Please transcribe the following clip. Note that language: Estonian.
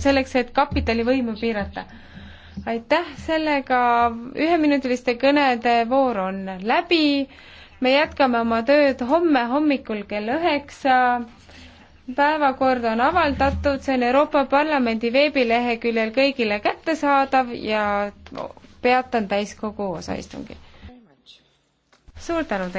selleks, et kapitalivõimu piirata. aitäh, sellega üheminutiliste kõnede voor on läbi. me jätkame oma tööd homme hommikul kell üheksa päevakord on avaldatud, see on Euroopa Parlamendi veebileheküljel kõigile kättesaadav ja peatan täiskogu osaistungi. suur tänu teile!